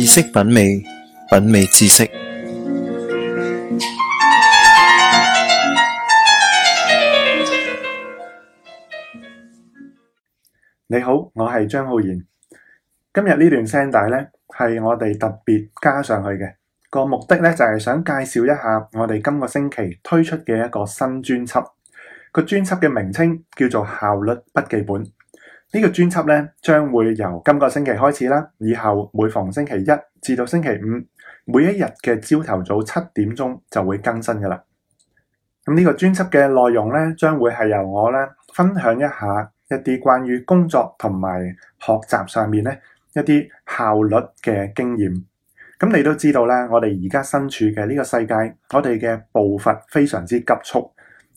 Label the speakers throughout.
Speaker 1: 知識品味，品味知識。你好，我係張浩然。今日呢段聲帶呢，係我哋特別加上去嘅。個目的呢就係想介紹一下我哋今個星期推出嘅一個新專輯。個專輯嘅名稱叫做《效率筆記本》。呢個專輯咧，將會由今個星期開始啦。以後每逢星期一至到星期五，每一日嘅朝頭早七點鐘就會更新㗎喇。咁呢個專輯嘅內容咧，將會係由我咧分享一下一啲關於工作同埋學習上面咧一啲效率嘅經驗。咁你都知道啦，我哋而家身處嘅呢個世界，我哋嘅步伐非常之急促。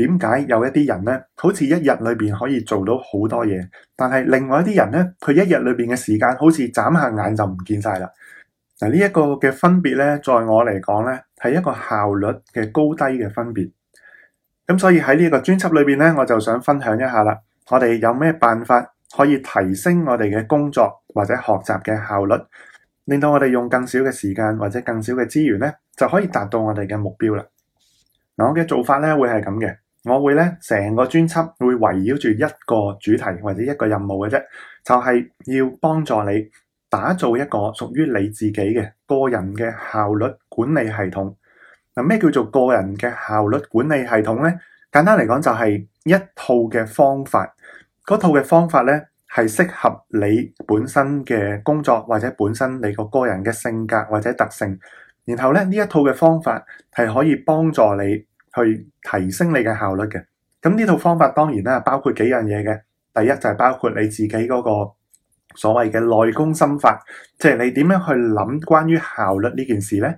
Speaker 1: 點解有一啲人咧，好似一日裏邊可以做到好多嘢，但係另外一啲人咧，佢一日裏邊嘅時間好似眨下眼就唔見晒啦。嗱，呢一個嘅分別咧，在我嚟講咧，係一個效率嘅高低嘅分別。咁所以喺呢個專輯裏邊咧，我就想分享一下啦。我哋有咩辦法可以提升我哋嘅工作或者學習嘅效率，令到我哋用更少嘅時間或者更少嘅資源咧，就可以達到我哋嘅目標啦。嗱，我嘅做法咧會係咁嘅。我會咧，成個專輯會圍繞住一個主題或者一個任務嘅啫，就係要幫助你打造一個屬於你自己嘅個人嘅效率管理系統。嗱，咩叫做個人嘅效率管理系統咧？簡單嚟講就係一套嘅方法，嗰套嘅方法咧係適合你本身嘅工作或者本身你個個人嘅性格或者特性。然後咧，呢一套嘅方法係可以幫助你。去提升你嘅效率嘅。咁呢套方法當然包括幾樣嘢嘅。第一就係包括你自己嗰個所謂嘅內功心法，即係你點樣去諗關於效率呢件事咧？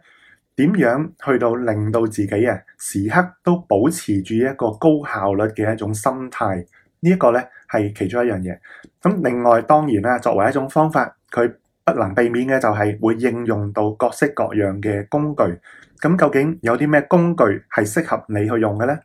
Speaker 1: 點樣去到令到自己啊時刻都保持住一個高效率嘅一種心態，這個、呢一個咧係其中一樣嘢。咁另外當然啦，作為一種方法，佢。不能避免嘅就係會應用到各式各樣嘅工具，咁究竟有啲咩工具係適合你去用嘅呢？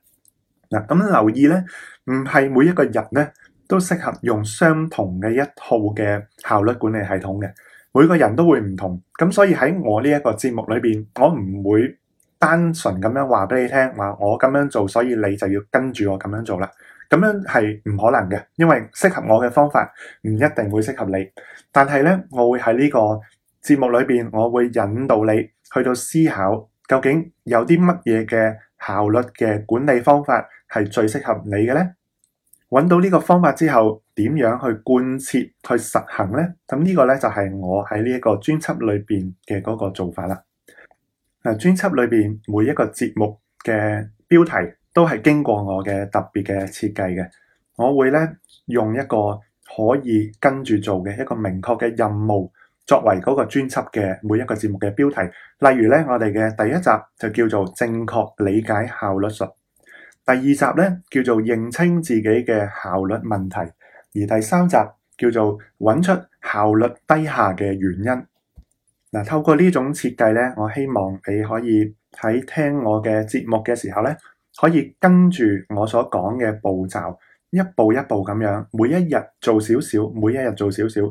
Speaker 1: 嗱，咁留意呢，唔係每一個人呢都適合用相同嘅一套嘅效率管理系統嘅，每個人都會唔同，咁所以喺我呢一個節目裏邊，我唔會單純咁樣話俾你聽，話我咁樣做，所以你就要跟住我咁樣做啦。咁樣係唔可能嘅，因為適合我嘅方法唔一定會適合你。但係咧，我會喺呢個節目裏邊，我會引導你去到思考，究竟有啲乜嘢嘅效率嘅管理方法係最適合你嘅咧？揾到呢個方法之後，點樣去貫徹去實行咧？咁呢個咧就係我喺呢一個專輯裏邊嘅嗰個做法啦。嗱，專輯裏邊每一個節目嘅標題都係經過我嘅特別嘅設計嘅，我會咧用一個可以跟住做嘅一個明確嘅任務作為嗰個專輯嘅每一個節目嘅標題。例如咧，我哋嘅第一集就叫做正確理解效率術，第二集咧叫做認清自己嘅效率問題，而第三集叫做揾出效率低下嘅原因。嗱，透過呢種設計咧，我希望你可以喺聽我嘅節目嘅時候咧。可以跟住我所講嘅步驟，一步一步咁樣，每一日做少少，每一日做少少，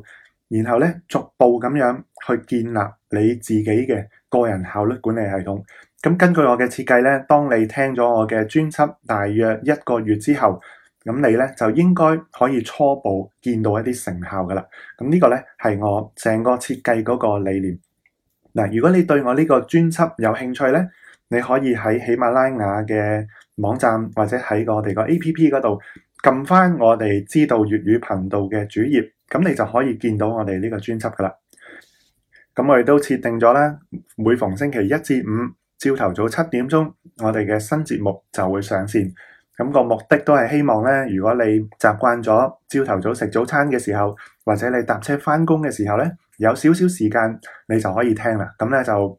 Speaker 1: 然後咧逐步咁樣去建立你自己嘅個人效率管理系統。咁根據我嘅設計咧，當你聽咗我嘅專輯，大約一個月之後，咁你咧就應該可以初步見到一啲成效㗎喇。咁呢個咧係我成個設計嗰個理念。嗱，如果你對我呢個專輯有興趣咧，你可以喺喜馬拉雅嘅網站或者喺我哋個 A P P 嗰度撳翻我哋知道粵語頻道嘅主頁，咁你就可以見到我哋呢個專輯噶啦。咁我哋都設定咗啦，每逢星期一至五朝頭早七點鐘，我哋嘅新節目就會上線。咁個目的都係希望咧，如果你習慣咗朝頭早食早餐嘅時候，或者你搭車翻工嘅時候咧，有少少時間你就可以聽啦。咁咧就。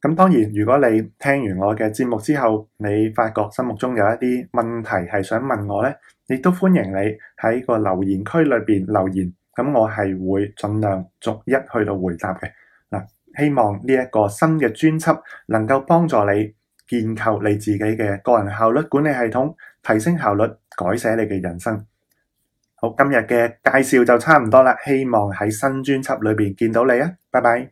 Speaker 1: 咁當然，如果你聽完我嘅節目之後，你發覺心目中有一啲問題係想問我呢，亦都歡迎你喺個留言區裏邊留言。咁我係會盡量逐一去到回答嘅。嗱，希望呢一個新嘅專輯能夠幫助你建構你自己嘅個人效率管理系統，提升效率，改寫你嘅人生。好，今日嘅介紹就差唔多啦，希望喺新專輯裏邊見到你啊！拜拜。